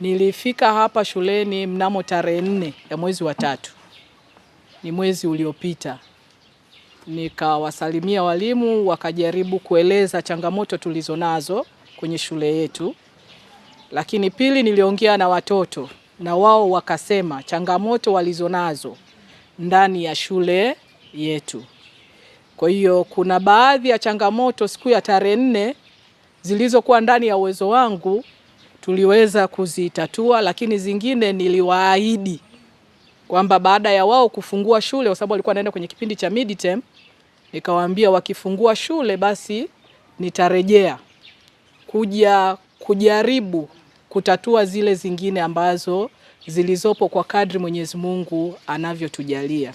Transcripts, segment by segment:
Nilifika hapa shuleni mnamo tarehe nne ya mwezi wa tatu, ni mwezi uliopita. Nikawasalimia walimu, wakajaribu kueleza changamoto tulizonazo kwenye shule yetu, lakini pili, niliongea na watoto na wao wakasema changamoto walizonazo ndani ya shule yetu. Kwa hiyo kuna baadhi ya changamoto siku ya tarehe nne zilizokuwa ndani ya uwezo wangu tuliweza kuzitatua, lakini zingine niliwaahidi kwamba baada ya wao kufungua shule, kwa sababu walikuwa wanaenda kwenye kipindi cha midterm, nikawaambia wakifungua shule basi nitarejea kuja kujaribu kutatua zile zingine ambazo zilizopo kwa kadri Mwenyezi Mungu anavyotujalia.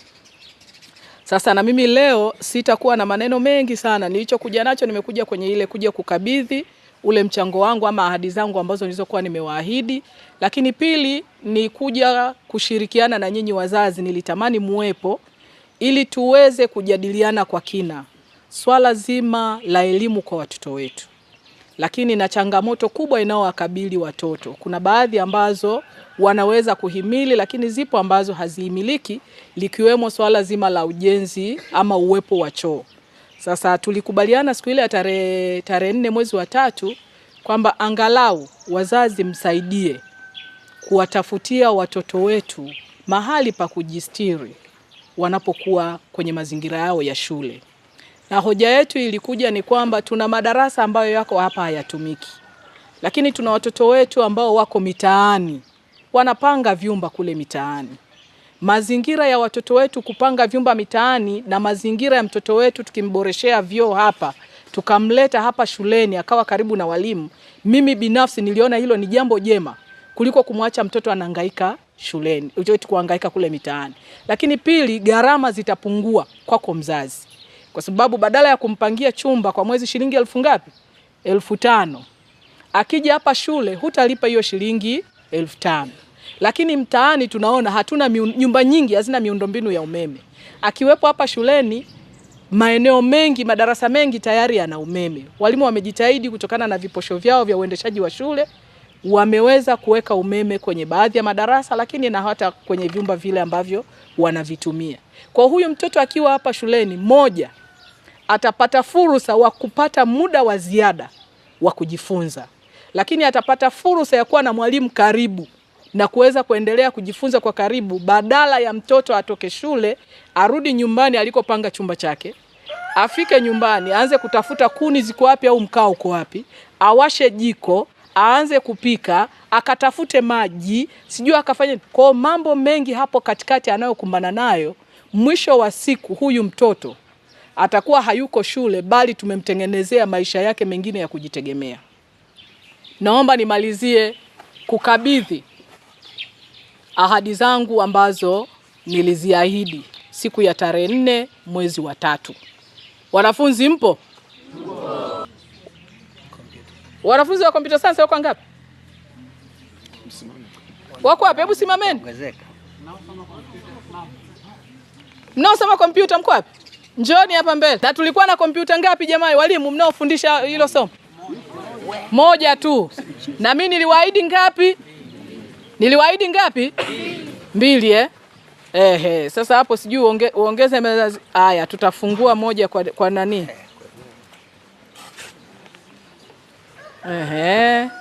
Sasa na mimi leo sitakuwa na maneno mengi sana. Nilichokuja nacho nimekuja kwenye ile kuja kukabidhi ule mchango wangu ama ahadi zangu ambazo nilizokuwa nimewaahidi. Lakini pili ni kuja kushirikiana na nyinyi wazazi, nilitamani muwepo ili tuweze kujadiliana kwa kina swala zima la elimu kwa watoto wetu, lakini na changamoto kubwa inayowakabili watoto. Kuna baadhi ambazo wanaweza kuhimili, lakini zipo ambazo hazihimiliki, likiwemo swala zima la ujenzi ama uwepo wa choo. Sasa tulikubaliana siku ile ya tarehe tarehe nne mwezi wa tatu kwamba angalau wazazi msaidie kuwatafutia watoto wetu mahali pa kujistiri wanapokuwa kwenye mazingira yao ya shule, na hoja yetu ilikuja ni kwamba tuna madarasa ambayo yako hapa hayatumiki, lakini tuna watoto wetu ambao wako mitaani wanapanga vyumba kule mitaani mazingira ya watoto wetu kupanga vyumba mitaani na mazingira ya mtoto wetu tukimboreshea vyoo hapa tukamleta hapa shuleni akawa karibu na walimu, mimi binafsi niliona hilo ni jambo jema kuliko kumwacha mtoto anahangaika shuleni, kuhangaika kule mitaani. Lakini pili, gharama zitapungua kwako mzazi, kwa sababu badala ya kumpangia chumba kwa mwezi shilingi elfu ngapi? Elfu tano. Akija hapa shule hutalipa hiyo shilingi elfu tano lakini mtaani tunaona hatuna miun, nyumba nyingi hazina miundombinu ya umeme, akiwepo hapa shuleni maeneo mengi madarasa mengi tayari yana umeme. Walimu wamejitahidi kutokana na viposho vyao vya uendeshaji wa shule, wameweza kuweka umeme kwenye baadhi ya madarasa, lakini na hata kwenye vyumba vile ambavyo wanavitumia. Kwa huyu mtoto akiwa hapa shuleni, moja, atapata fursa wa kupata muda wa ziada wa kujifunza, lakini atapata fursa ya kuwa na mwalimu karibu na kuweza kuendelea kujifunza kwa karibu, badala ya mtoto atoke shule arudi nyumbani alikopanga chumba chake, afike nyumbani aanze kutafuta kuni ziko wapi au mkaa uko wapi, awashe jiko aanze kupika akatafute maji, sijui akafanye kwa mambo mengi hapo katikati anayokumbana nayo. Mwisho wa siku huyu mtoto atakuwa hayuko shule, bali tumemtengenezea maisha yake mengine ya kujitegemea. Naomba nimalizie kukabidhi ahadi zangu ambazo niliziahidi siku ya tarehe nne mwezi wa tatu. Wanafunzi mpo? Wanafunzi wa computer science wako ngapi? Wako wapi? Hebu simameni. Mnaosoma kompyuta mko wapi? Njoni hapa mbele. Na tulikuwa na kompyuta ngapi jamani, walimu mnaofundisha hilo somo? Moja tu. Na mimi niliwaahidi ngapi? Niliwaahidi ngapi? Mbili eh? Ehe, sasa hapo sijui uonge, uongeze meza. Haya, tutafungua moja kwa, kwa nani? Ehe.